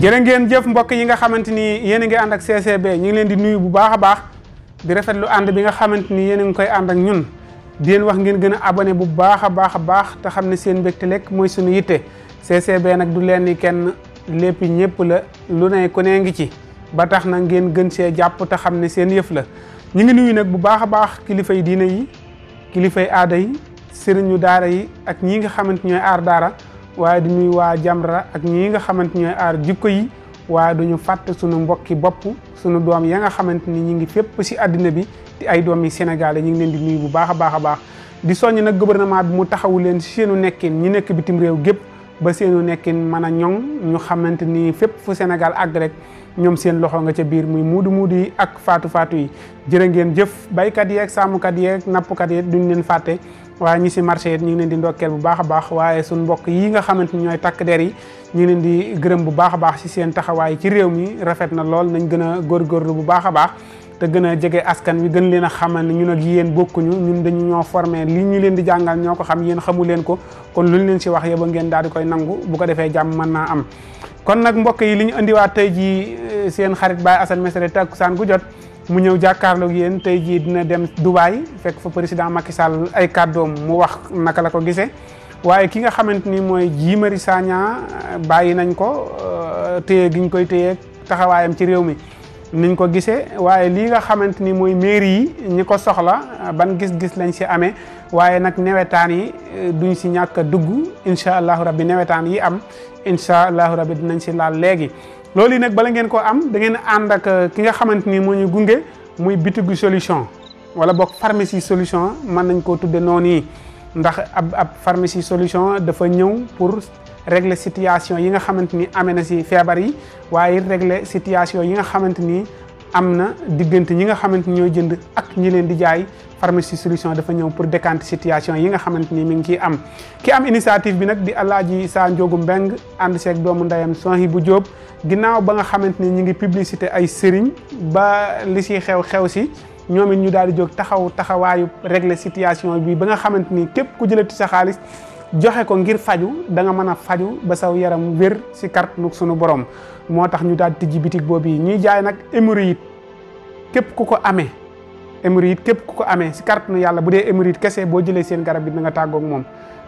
jërë ngeen jëf mbokk yi nga xamante ni yéen a ngi ànd ak CCB ñu ngi leen di nuyu bu baax baax di rafetlu ànd bi nga xamante ni yéen a ngi koy ànd ak ñun di leen wax ngeen gën a abonné bu baax a baax a te xam ne seen mbégte lekk mooy suñu yitte CCB nag du leen ni kenn lépp ñëpp la lu ne nee ngi ci ba tax na ngeen gën see jàpp te xam ne seen yëf la ñu ngi nuyu nag bu baax a baax yi diine yi kilifay aada yi sëriñu daara yi ak ñii nga xamante ñooy aar daara waaye du muy waa Jamra ak ñi nga xamante ñooy aar jikko yi waaye duñu fàtt suñu mbokki bopp suñu doom ya nga xamante ni ñu ngi fépp si àddina bi ay doom yi Sénégal ñu ngi leen di nuyu bu baax a baax a baax di soññ nag gouvernement bi mu taxawu leen seenu nekkin ñi nekk bitim réew gépp ba seenu nekkin mën a ñoŋ ñu xamante ni fépp fu Sénégal àgg rek ñoom seen loxo nga ca biir muy muudu muudu yi ak faatu faatu yi jërë ngeen jëf baykat yeeg sàmmkat yeeg nappkat yeeg duñ leen fàtte waaye ñi si marché it ñu ngi leen di ndokkeel bu baax a baax waaye suñ mbokk yi nga xamante ni ñooy takk der yi ñu ngi leen di gërëm bu baax a baax si seen taxawaay ci réew mi rafet na lool nañ gën a góorgóorlu bu baax a baax te gën a jege askan wi gën leen a xamal ne ñun ak yéen bokkuñu ñun dañu ñoo formé li ñu leen di jàngal ñoo ko xam yéen xamu leen ko kon ñu leen si wax yëpp ngeen daal di koy nangu bu ko defee jàmm mën naa am kon nag mbokk yi li ñu indiwaat tey jii eh, seen xarit Baye Assane Mesere takkusaan gu jot mu ñëw jàkkaarloog yéen tey jii dina dem Dubaay fekk fa président Macky Sall ay kàddoom mu wax naka la ko gisee waaye ki nga xamante ni mooy Guy Marius bàyyi nañ ko euh, téye gi ñu koy téye taxawaayam ci réew mi niñ ko gisee waaye lii nga xamante ni mooy mairie yi ñi ko soxla ban gis-gis lañ si amee waaye nag newetaan yi euh, duñ si ñàkk a dugg incha allahu rabbi newetaan yi am incha allahu rabbi dinañ si laal léegi. loolu yi nag bala ngeen koo am da ngeen ànd ak uh, ki nga xamante ni moo ñu gunge muy bitigu solution wala boog pharmacie solution mën nañ koo tudde noonu yi ndax ab ab pharmacie solution dafa ñëw pour régler situation yi nga xamante ni amee na si feebar yi waaye régler situation yi nga xamante ni am na diggante ñi nga xamante ni ñooy jënd ak ñi leen di jaay pharmacie solution dafa ñëw pour décanter situation yi nga xamante ni mi ngi ciy am ki am initiative bi nag di Alaaji sa Njóogu Mbeng ànd seeg doomu ndeyam Sohi bu Jóob ginnaaw ba nga xamante ni ñu ngi publicité ay sëriñ ba li si xew xew si ñoom ñu daal di jóg taxaw taxawaayu régler situation bi ba nga xamante ni képp ku jëlati sa xaalis joxe ko ngir faju da nga mën a faju ba saw yaram wér si kàttanu sunu borom moo tax ñu daal tijji bitig boobu yi ñuy jaay nag hémorroïde képp ku ko amee hémorroïde képp ku ko amee si kàttanu yàlla bu dee hémorroïde kese boo jëlee seen garab bi da nga tàggoog moom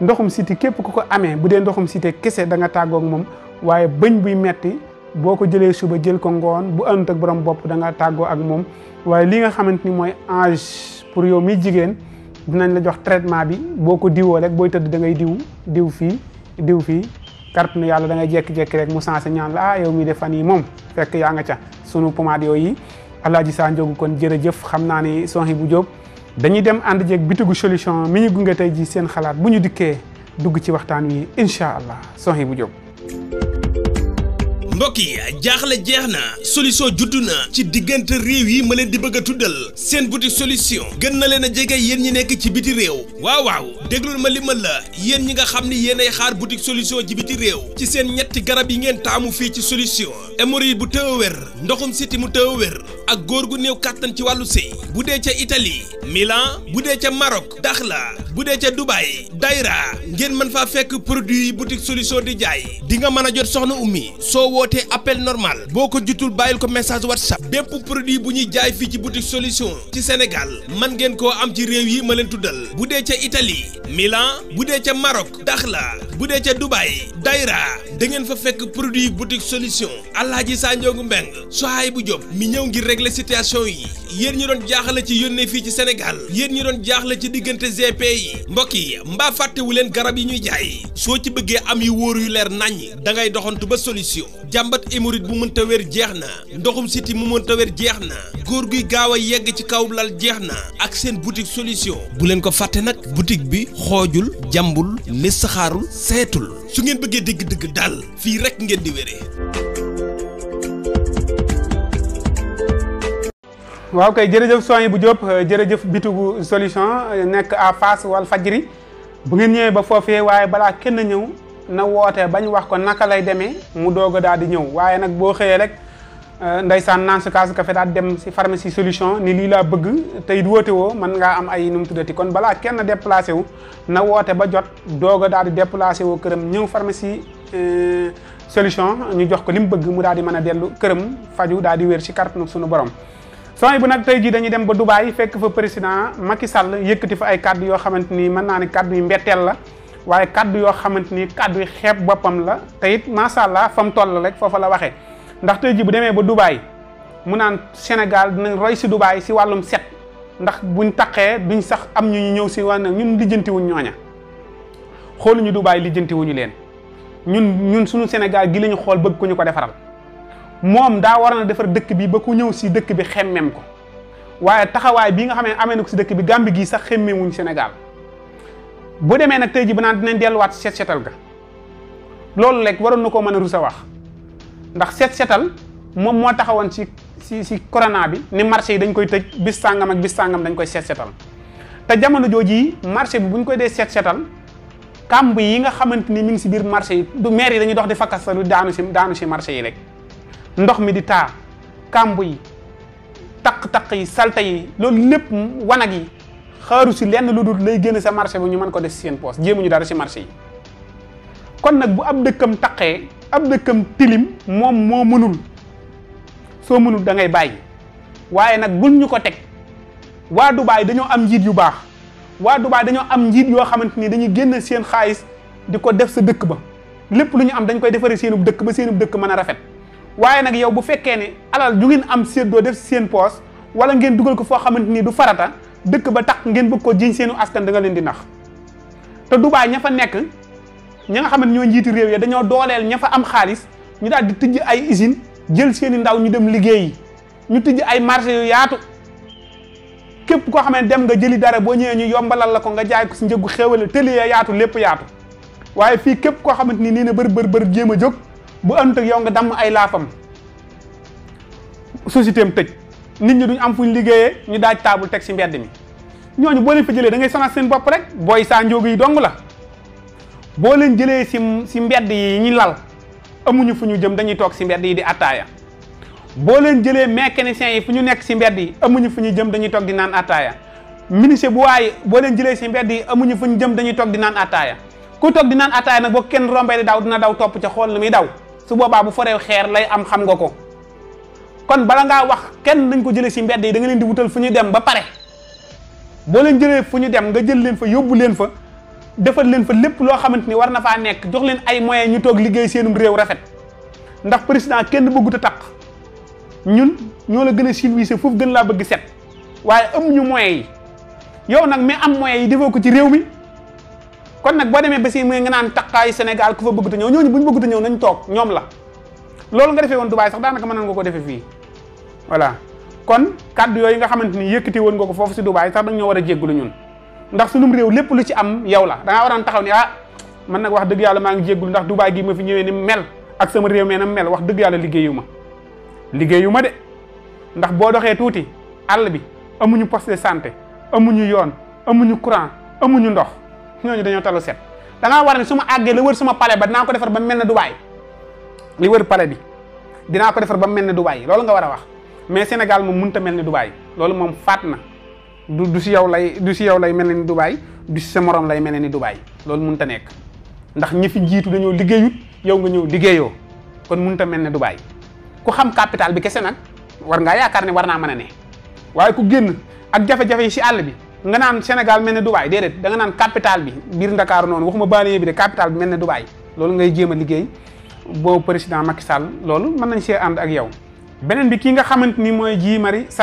ndoxum siti képp ku ko amee bu dee ndoxum siti kese da nga moom waaye bëñ buy metti boo ko jëlee suba jël ko ngoon bu ànd ak borom bopp da nga tàggoo ak moom waaye li nga xamante ni mooy âge pour yow mi jigéen dinañ la jox traitement bi boo ko diwoo rek booy tëdd da ngay diw diw fii diw fii kartunu yàlla dangay ngay jekki rek mu sensé ñaan laa ah yow mii de fan yi moom fekk yaa nga ca sunu pomade yooyu Alaaji Saa Njóogu kon jërëjëf xam naa ni bu jóg dañuy dem ànd jeeg bitigu solution mi ñu gunge tey ji seen xalaat bu ñu dikkee dugg ci waxtaan wi incha allah bu jóg mbokk yi jaaxle jeex na solution juddu na ci diggante réew yi ma leen di bëgga a tuddal seen buti solution gën na leen a jege yéen ñi nekk ci biti réew waawaaw waaw déglul ma li ma la yéen ñi nga xam ni yéenay xaar butik solution ci biti réew ci seen ñetti garab yi ngeen taamu fii ci solution emori bu tëw a wér ndoxum siti mu tëw a ak góor gu néew kàttan ci wàllu sëy bu dee ca Italie Milan bu dee ca Maroc Daxla bu dee ca Dubaï Daïra ngeen mën faa fekk produit yi butik solution di jaay di nga mën a jot soxna ummi wootee appel normal boo ko jutul bàyyil ko message whatsapp bépp produit bu ñuy jaay fii ci boutique solution ci Sénégal man ngeen koo am ci réew yi ma leen tuddal bu dee ca Italie Milan bu dee ca Maroc Dakhla bu dee ca Dubaï Daïra da ngeen fa fekk produit boutique solution alaaji Sanjoogu Mbeng soaay bu Jóob mi ñëw ngir régler situation yi yéen ñu doon jaaxle ci yónnee fii ci senegal yéen ñu doon jaaxale ci diggante GP yi mbokk yi mbaa fàttewu leen garab yi ñuy jaay soo ci bëggee am yu wóor yu leer naññ da ngay doxantu ba solution jàmbat hémorroïde bu mënta wér jeex na ndoxum siti mu mënta wér jeex na góor guy gaaw a yegg ci kaw lal jeex na ak seen boutique solution bu leen ko fàtte nag boutique bi xoojul jàmbul listaxaarul seetul su ngeen bëggee digg digg daal fii rek ngeen di wéree. waaw kay jërëjëf soin bu Diop jërëjëf bitigu solution nekk à face wal fajri bu ngeen ñëwee ba foofee waaye balaa kenn ñëw na woote bañ wax ko naka lay demee mu doog dal di ñëw waaye nag boo xëyee rek. Euh, ndaysaan naan su kaasu kafe daal dem si pharmacie solution ni lii laa bëgg te it woote woo mën ngaa am ay nu mu tuddati kon balaa kenn déplacé wu na woote ba jot doog a daal di déplacé woo këram ñëw pharmacie euh, solution ñu jox ko li mu bëgg mu daal di mën a dellu këram faju daal di wér si kàttanu sunu borom. sony bu nag tey jii dañuy dem ba Dubaay fekk fa président Macky Sall yëkkati fa ay kaddu yoo xamante ni mën naa ne kaddu yu mbetteel la waaye kaddu yoo xamante ni kaddu yu xeeb boppam la te it macha allah fa mu toll rek foofa la waxee. ndax tey ji bu demee ba Dubaay mu naan Sénégal dinañ roy si Dubaay si wàllum set ndax buñ taqee duñ sax am ñu ñëw si wàll ñun lijjantiwuñ ñooña xooluñu Dubaay lijjantiwuñu leen ñun ñun suñu Sénégal gi lañu xool bëgg ku ñu ko defaral moom daa waroon a defar dëkk bi ba ku ñëw si dëkk bi xemmem ko waaye taxawaay bii nga xam ne amee na ko si dëkk bi Gàmbi gii sax xemmewuñ Sénégal bu demee nag tey ji bu naan dinañ delluwaat set setal ga loolu rek waroon na koo mën a rus a wax ndax seet seetal moom moo taxawoon ci ci ci corona bi ni marché yi dañ koy tëj bis sàngam ak bis sàngam dañ koy seet seetal te jamono jooju yi marché bi bu ñu koy dee seet seetal kàmb yi nga xamante ni mi ngi ci biir marché yi du maire dañuy dox di fakkastalu daanu ci daanu si marché yi rek ndox mi di taa kàmb yi taq-taq yi salte yi loolu lépp wanag yi xaaru ci lenn lu dul lay génn sa marché bi ñu mën ko def ci seen poos jéemuñu dara ci marché yi kon nag bu ab dëkkam taqee ab dëkkam tilim moom moo mënul soo mënul dangay bàyyi waaye nag buñ ñu ko teg waa Dubaay dañoo am njiit yu baax waa Dubaay dañoo am njiit yoo xamante ni dañuy génn seen xaalis di ko def sa dëkk ba lépp lu ñu am dañ koy defaree seenub dëkk ba seenub dëkk mën a rafet waaye nag yow bu fekkee ne alal ju ngeen am séddoo def seen poos wala ngeen dugal ko foo xamante ni du farata dëkk ba tax ngeen bëgg ko jiiñ seenu askan da nga leen di nax te Dubaay ña fa nekk ña nga xam ñoo njiiti réew yi dañoo dooleel ña fa am xaalis ñu daal di tijj ay usine jël seeni ndaw ñu dem liggéeyi ñu tijj ay marché yu yaatu képp koo xam dem nga jëli dara boo ñëwee ñu yombalal la ko nga jaay si njëgu xéwale tëli yaatu lépp yaatu waaye fii képp koo xamante ni nii na bër bër bër jéem a jóg bu ënt ak yow nga damm ay laafam société am tëj nit ñu duñ am fuñ liggéeyee ñu daaj taabul teg si mbedd mi ñooñu boo leen fa jëlee da ngay sonal seen bopp rek booy saa njóogu yi dong la boo leen jëlee si si mbedd yi ñu lal amuñu fu ñu jëm dañuy toog si mbedd yi di attaaya boo leen jëlee mécaniciens yi fu ñu nekk si mbedd yi amuñu fu ñu jëm dañuy toog di naan attaaya ministre bu boo leen jëlee si mbedd yi amuñu fu jëm dañuy toog di naan ku toog di naan attaaya nag boo kenn rombee di daw dina daw topp ca xool lu muy daw su boobaa bu foree xeer lay am xam nga ko kon bala ngaa wax kenn dañ ko jëlee si mbedd yi danga leen di wutal fu ñu dem ba pare boo leen jëlee fu ñu dem nga jël leen fa yóbbu leen fa defal leen fa lépp loo xamante ni war na faa nekk jox leen ay moyens ñu toog liggéey seenum réew rafet ndax président kenn bëggut a taq ñun ñoo la gën a civilisé foofu gën laa bëgg set waaye amuñu moyens yi yow nag mais am moyens yi defoo ko ci réew mi kon nag boo demee ba si muy nga naan taqaayu Sénégal ku fa bëggut a ñëw ñooñu bu bëggut a ñëw nañ toog ñoom la loolu nga defee woon Dubaay sax daanaka mën nga ko defe fii voilà kon kàddu yooyu nga xamante ni yëkkati woon nga ko foofu si Dubaay sax dañ war a jéggalu ñun ndax sunum réew lépp lu ci am yow la da ngaa waraan taxaw ni ah man nag wax dëgg yàlla maa ngi jéggul ndax Dubaay gi ma fi ñëwee ni mel ak sama réew mee na mel wax dëgg yàlla liggéeyu ma liggéeyu ma de ndax boo doxee tuuti àll bi amuñu poste de santé amuñu yoon amuñu courant amuñu ndox ñu dañoo talu set da ngaa war ne su ma àggee la wër suma palais ba dinaa ko defar ba mel ne Dubaay li wër palais bi dinaa ko defar ba mel ne Dubaay loolu nga war a wax mais Sénégal moom mënut mel ne Dubaay loolu moom faat na du si yow lay du si yow lay mel ni Dubaay du si sa morom lay mel ni Dubaay loolu mënut ta nekk ndax ñi fi jiitu dañoo liggéeyut yow nga ñëw liggéeyoo kon mënut a mel ne Dubaay ku xam capital bi kese nag war ngaa yaakaar ne war naa mën a ne waaye ku génn ak jafe-jafe yi si àll bi nga naan Sénégal mel ne Dubaay déedéet da nga naan capital bi biir Ndakaaru noonu waxuma banlieue bi de capital bi mel ne Dubaay loolu ngay jéema a liggéey boobu président Macky Sall loolu mën nañ see ànd ak yow beneen bi ki nga xamante ni mooy Guy Marius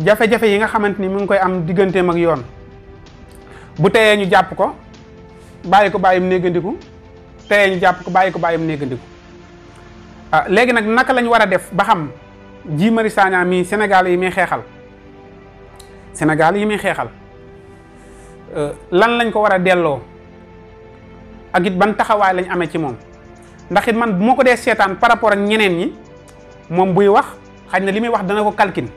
jafe-jafe yi nga xamante ni mu ngi koy am digganteem ak yoon bu teyee ñu jàpp ko bàyyi ko bàyyim néegandiku teyee ñu jàpp ko bàyyi ko bàyyi bàyyim néegandiku ah léegi nag naka lañ war a def ba xam Guy Marius Sagna mii Sénégal yi muy xeexal Sénégal yi muy xeexal euh, lan lañ ko war a delloo ak ban taxawaay lañ amee ci moom ndax it man bu ma ko dee seetaan par rapport ak ñeneen ñi moom buy wax xaj na li muy wax dana ko kalkin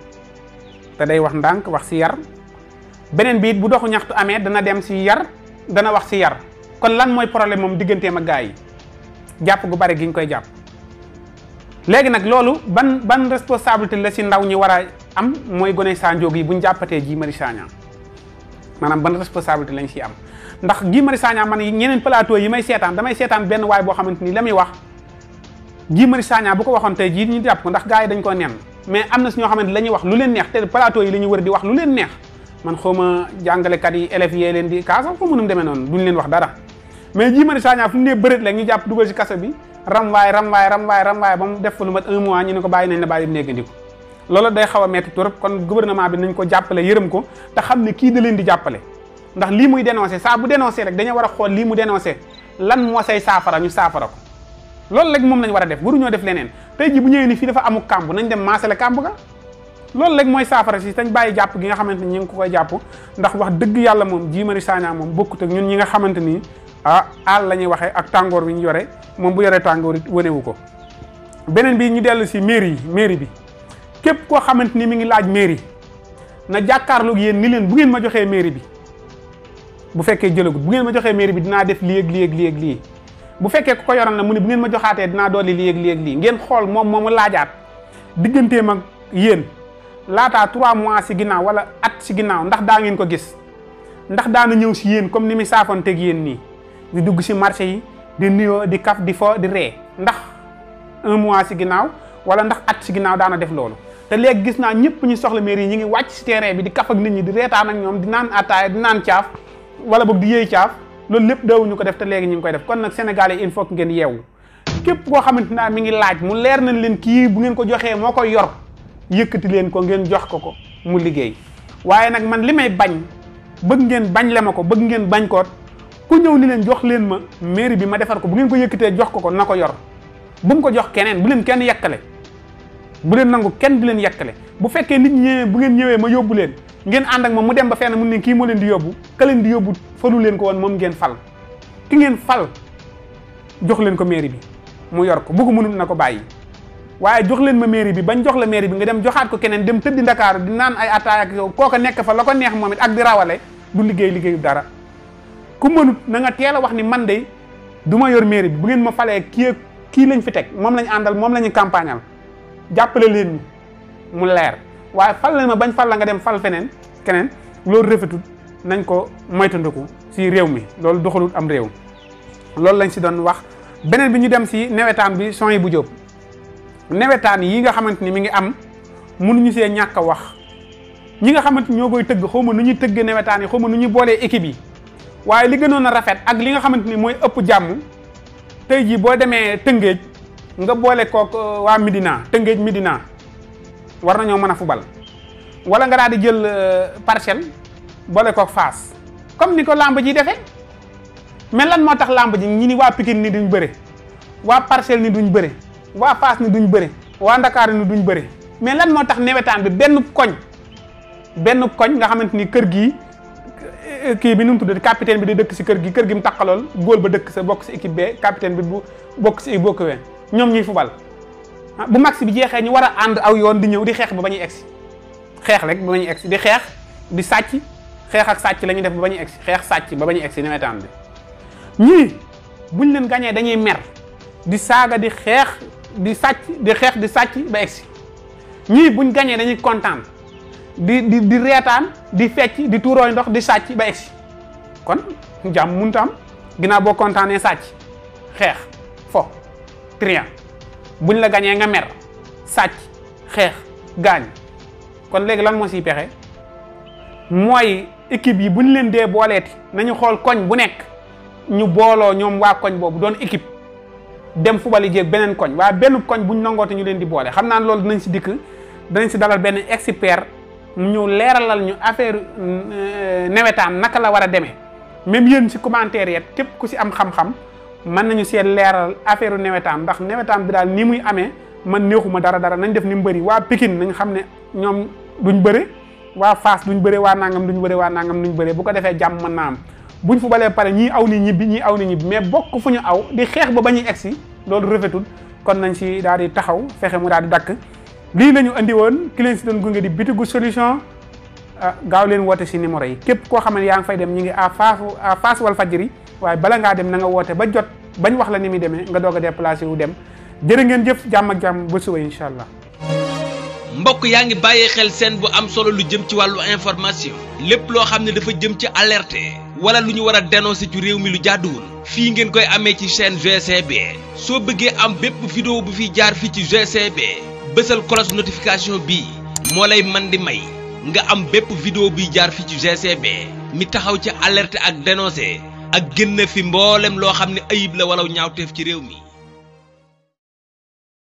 te day wax ndànk wax si yar beneen bi bu doxu ñaxtu amee dana dem si yar dana wax si yar kon lan mooy problème moom digganteem ak gaa yi jàpp gu bare gi ñu koy jàpp. léegi nag loolu ban ban responsabilité la si ndaw ñi war a am mooy gone Sandiog yi bu ñu jàppatee Guy Marius Sagna maanaam ban responsabilité lañ si am ndax Guy Marius Sagna man ñeneen plateau yi may seetaan damay seetaan benn waay boo xamante ni la muy wax Guy Marius Sagna bu ko waxoon te jii ñu jàpp ko ndax gaa yi dañ koo nen. mais am na si ñoo xamante la ñuy wax lu leen neex te plateau yi la ñuy wër man xaw ma jàngalekat yi élèves yee leen di kaasa ko mënum demee noonu duñ leen wax dara mais ji mari sagna fu mu nee bërét la ñu jàpp dugal si kasa bi ram waay ram waay ba mu def fa lu mat un ñu ne ko bàyyi nañ la bàyyi dem néegandiku loolu day xaw a metti torop kon gouvernement bi nañ ko jàppale yërëm ko te xam ne kii da leen di jàppale ndax lii muy dénoncé saa bu dénoncé rek dañoo war a xool lii mu dénoncé lan moo say ñu saafara loolu rek moom lañ war a def waruñoo def leneen tey ji bu ñëwee ni fii dafa amu kàmb nañ dem maasale kàmb ga loolu rek mooy saafara si tañ bàyyi jàpp gi nga xamante ni ñu ngi ko koy jàpp ndax wax dëgg yàlla moom Guy Marius Sagna moom bokkut ak ñun ñi nga xamante ni ah àll la ñuy waxee ak tàngoor wi ñu yore moom bu yoree tàngoor it wanewu ko beneen bi ñu dellu si mairie yi mairie bi képp koo xamante ni mi ngi laaj mairie na jàkkaarloog yéen ni leen bu ngeen ma joxee mairie bi bu fekkee jëlagut bu ngeen ma joxee mairie bi dinaa def lii ak lii ak bu fekkee ku ko yoroon la mu ne bu ngeen ma joxaatee dinaa dolli lii ak lii ak lii ngeen xool moom moomu laajaat digganteem ak yéen laataa trois mois si ginnaaw wala at si ginnaaw ndax daa ngeen ko gis ndax daana ñëw si yéen comme ni muy saafonteeg yéen nii di dugg si marché yi di di kaf di fo di ree ndax mois si ginnaaw wala ndax at si ginnaaw daana def loolu te léegi gis naa ñëpp ñu soxla mairie yi ñu ngi wàcc si terrain bi di kaf ak nit ñi di reetaan ak ñoom di naan attaaya di naan caaf wala boog di yëy caaf loolu lépp daawuñu ko def te léegi ñu ngi koy def kon nag Sénégalais il faut ngeen yeewu képp koo xamante naa mi ngi laaj mu leer nañ leen kii bu ngeen ko joxee moo koy yor yëkkati leen ko ngeen jox ko ko mu liggéey waaye nag man li may bañ bëgg ngeen bañ le ma ko bëgg ngeen bañ ko ku ñëw ni leen jox leen ma mairie bi ma defar ko bu ngeen ko yëkkatee jox ko ko na ko yor bu mu ko jox keneen bu leen kenn yekkale bu leen nangu kenn di leen yekkale bu fekkee nit ñi bu ngeen ñëwee ma yóbbu leen ngeen ànd ak ma mu dem ba fenn mun ne kii moo leen di yóbbu ka leen di yóbbu falu leen ko woon moom ngeen fal ki ngeen fal jox leen ko mairie bi mu yor ko bu ko mënul na ko bàyyi waaye jox leen ma mairie bi bañ jox la mairie bi nga dem joxaat ko keneen dem tëddi ndakaaru di naan ay attaay ak yow nekk fa la ko neex moom it ak di rawale du liggéey liggéeyu dara ku mënut na nga teel a wax ni man de du ma yor mairie bi bu ngeen ma falee kii kii lañ fi teg moom àndal moom la ñu campagnal jàppale leen mu leer waaye fal la ma bañ fal la nga dem fal feneen keneen loolu rafetul nañ ko moytandiku si réew mi loolu doxalut am réew loolu lañ si doon wax beneen bi ñu dem si nawetaan bi son yi bu jóob nawetaan yi nga xamante ni mi ngi am mënuñu see ñàkk a wax ñi nga xamante ni ñoo koy tëgg xaw ma nu ñuy tëgg nawetaan yi xaw ma nu ñuy boolee équipe yi waaye li gënoon a rafet ak li nga xamante ni mooy ëpp jàmm tey jii boo demee Tëngéej nga boole kook euh, waa Midina Tëngéej Midina war nañoo mën a fubal wala nga daal di jël euh, parcelle boole ko faas comme ni ko làmb ji defee mais lan moo tax làmb ji ñi ni waa Pikine ni duñ bëre waa parcelle ni duñ bëre waa faas ni duñ bëre waa ndakaar ni duñ bëre mais lan moo tax newetaan bi benn koñ benn koñ nga xamante ni kër gii euh, kii bi nu mu tuddee capitaine bi di dëkk si kër gi kër gi mu taqalool góol ba dëkk sa bokk si équipe B capitaine bi bu bokk si bokk ween ñoom ñuy fubal Ah, bu max bi jeexee ñu war a ànd aw yoon di ñëw di xeex ba ba ñuy egsi xeex rek ba ba ñuy egsi di xeex di sàcc xeex ak sàcc la ñuy def ba ba ñuy xeex sàcc ba ba ñuy egsi nawetaan bi ñii buñ leen gañee dañuy mer di saaga di xeex di sàcc di xeex di sàcc ba si ñii buñ gañee dañuy kontaan di di di reetaan di fecc di tuurooy ndox di sàcc ba si kon jàmm mënut ginaaw ginnaaw boo kontaanee sàcc xeex fo trian buñ la gañee nga mer sàcc xeex gaañ kon léegi lan moo si pexe mooy équipe yi bu ñu leen dee booleeti nañu xool koñ bu nekk ñu booloo ñoom waa koñ boobu doon équipe dem fubali jéeg beneen koñ waaye benn koñ buñ nangoote ñu leen di boole xam naa loolu dinañ si dikk danañ si dalal benn expert mu ñëw leeralal ñu affaire euh, nawetaan naka la war a demee même yéen si commentaire yet képp ku si am xam-xam mën nañu seet leeral affaire nawetaan ndax nawetaan bi daal ni muy amee man neexuma dara dara nañ def ni mbëri waa Pikine nañ xam ne ñoom duñ bëre waa Fass duñ bëre waa nangam duñ bëre waa nangam duñ bëre bu ko defee jàmm mën naa am buñ fu balee pare ñii aw ni ñibbi ñii aw ni ñibbi mais bokk fu ñu aw di xeex ba ba ñuy egsi loolu rafetul kon nañ si daal di taxaw fexe mu daal di dakk lii lañu ñu andi woon ki leen si doon gunge di bitigu solution ah, gaaw leen woote si numéro yi képp koo xam ne yaa ngi fay dem ñu ngi à Fass à Fass Walfadjri waaye bala ngaa dem na nga woote ba jot bañ wax la ni muy demee nga doog a déplacé wu dem jërë ngeen jëf jàmm ak jàmm ba suba incha allah. mbokk yaa ngi bàyyee xel seen bu am solo lu jëm ci wàllu information lépp loo xam ne dafa jëm ci alerte wala lu ñu war a dénoncer ci réew mi lu jàdduwul fii ngeen koy amee ci seen GCB soo bëggee am bépp vidéo bu fi jaar fii ci GCB bësal cloche notification bi moo lay man di may nga am bépp vidéo buy jaar fii ci GCB taxaw ci alerte ak ak génn fi mboolem loo xam ne ayib la walaw ñaawteef ci réew mi